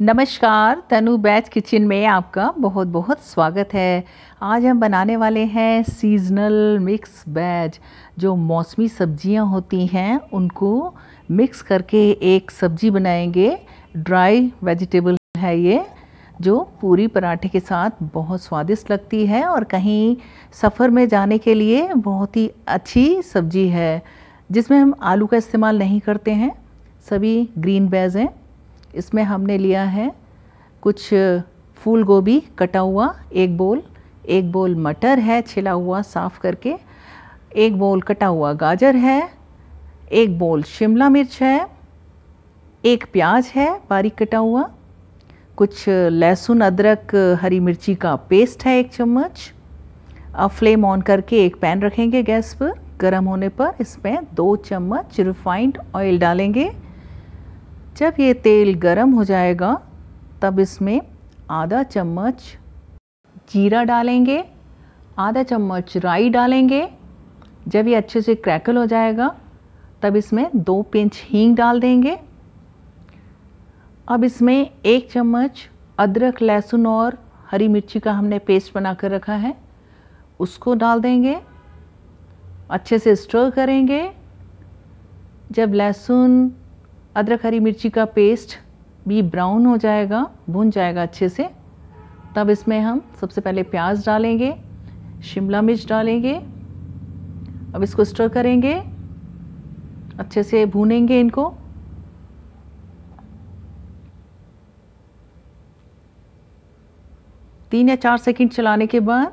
नमस्कार तनु बैच किचन में आपका बहुत बहुत स्वागत है आज हम बनाने वाले हैं सीजनल मिक्स बैच जो मौसमी सब्जियां होती हैं उनको मिक्स करके एक सब्जी बनाएंगे ड्राई वेजिटेबल है ये जो पूरी पराठे के साथ बहुत स्वादिष्ट लगती है और कहीं सफ़र में जाने के लिए बहुत ही अच्छी सब्जी है जिसमें हम आलू का इस्तेमाल नहीं करते हैं सभी ग्रीन वेज हैं इसमें हमने लिया है कुछ फूल गोभी कटा हुआ एक बोल एक बोल मटर है छिला हुआ साफ़ करके एक बोल कटा हुआ गाजर है एक बोल शिमला मिर्च है एक प्याज है बारीक कटा हुआ कुछ लहसुन अदरक हरी मिर्ची का पेस्ट है एक चम्मच अब फ्लेम ऑन करके एक पैन रखेंगे गैस पर गर्म होने पर इसमें दो चम्मच रिफाइंड ऑयल डालेंगे जब ये तेल गर्म हो जाएगा तब इसमें आधा चम्मच जीरा डालेंगे आधा चम्मच राई डालेंगे जब ये अच्छे से क्रैकल हो जाएगा तब इसमें दो पिंच हींग डाल देंगे अब इसमें एक चम्मच अदरक लहसुन और हरी मिर्ची का हमने पेस्ट बना कर रखा है उसको डाल देंगे अच्छे से स्टोर करेंगे जब लहसुन अदरक हरी मिर्ची का पेस्ट भी ब्राउन हो जाएगा भुन जाएगा अच्छे से तब इसमें हम सबसे पहले प्याज डालेंगे शिमला मिर्च डालेंगे अब इसको स्टर करेंगे अच्छे से भूनेंगे इनको तीन या चार सेकंड चलाने के बाद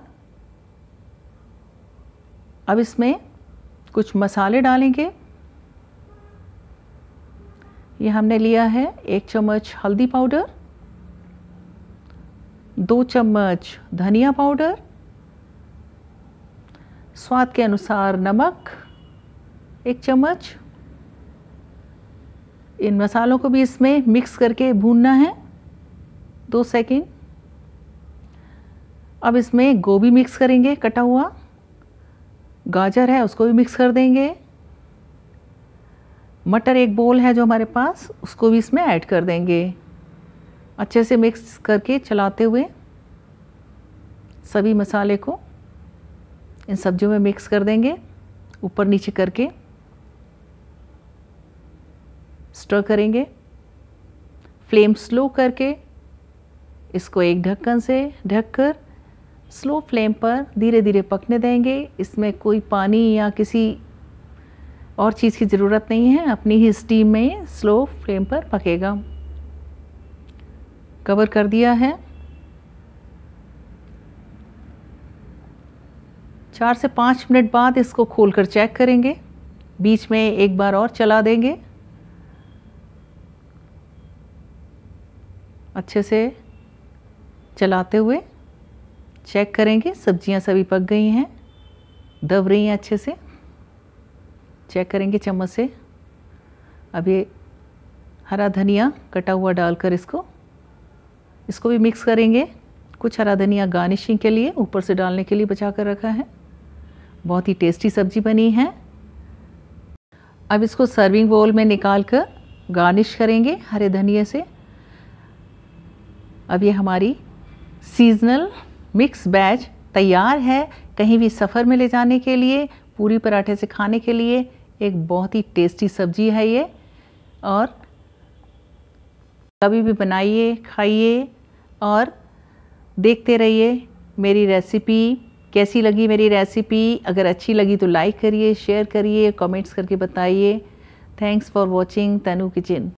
अब इसमें कुछ मसाले डालेंगे ये हमने लिया है एक चम्मच हल्दी पाउडर दो चम्मच धनिया पाउडर स्वाद के अनुसार नमक एक चम्मच इन मसालों को भी इसमें मिक्स करके भूनना है दो सेकेंड अब इसमें गोभी मिक्स करेंगे कटा हुआ गाजर है उसको भी मिक्स कर देंगे मटर एक बोल है जो हमारे पास उसको भी इसमें ऐड कर देंगे अच्छे से मिक्स करके चलाते हुए सभी मसाले को इन सब्जियों में मिक्स कर देंगे ऊपर नीचे करके स्टर करेंगे फ्लेम स्लो करके इसको एक ढक्कन से ढककर स्लो फ्लेम पर धीरे धीरे पकने देंगे इसमें कोई पानी या किसी और चीज़ की ज़रूरत नहीं है अपनी ही स्टीम में स्लो फ्लेम पर पकेगा कवर कर दिया है चार से पाँच मिनट बाद इसको खोलकर चेक करेंगे बीच में एक बार और चला देंगे अच्छे से चलाते हुए चेक करेंगे सब्जियां सभी पक गई हैं दब रही हैं अच्छे से चेक करेंगे चम्मच से अब ये हरा धनिया कटा हुआ डालकर इसको इसको भी मिक्स करेंगे कुछ हरा धनिया गार्निशिंग के लिए ऊपर से डालने के लिए बचा कर रखा है बहुत ही टेस्टी सब्जी बनी है अब इसको सर्विंग बोल में निकाल कर गार्निश करेंगे हरे धनिए से अब ये हमारी सीजनल मिक्स बैच तैयार है कहीं भी सफ़र में ले जाने के लिए पूरी पराठे से खाने के लिए एक बहुत ही टेस्टी सब्जी है ये और कभी भी बनाइए खाइए और देखते रहिए मेरी रेसिपी कैसी लगी मेरी रेसिपी अगर अच्छी लगी तो लाइक करिए शेयर करिए कमेंट्स करके बताइए thanks for watching Tanu kitchen